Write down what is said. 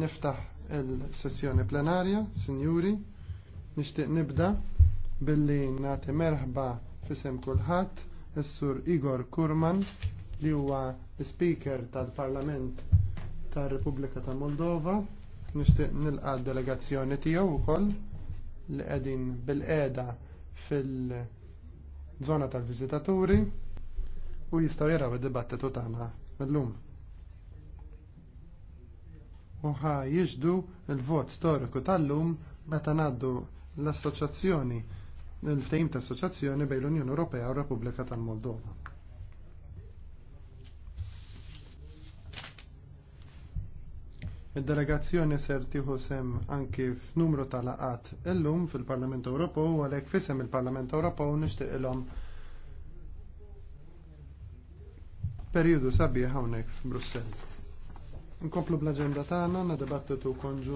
Niftaħ il-sessjoni plenarja, sinjuri, nixtieq nibda billi nagħti merħba fisem kulħadd is-sur Igor Kurman li huwa speaker tal-Parlament tar-Repubblika ta' Moldova. Nixtieq nilqa' delegazzjoni tiegħu wkoll li qegħdin bil-qiegħda fil-żona tal-viżitaturi u jistgħu jaraw id-dibattitu tagħna llum uħa jiġdu il-vot storiku tal-lum meta naddu l-assoċjazzjoni il-ftehim ta' assoċjazzjoni bejn l-Unjoni Ewropea u Repubblika tal-Moldova. Id-delegazzjoni ser tieħu sem anki f'numru ta' laqat illum fil-Parlament Ewropew u għalhekk fisem il-Parlament Ewropew nixtieq ilhom periodu sabiħ hawnhekk f'Brussell. Nkomplu bl-agenda tagħna na dibattitu konġu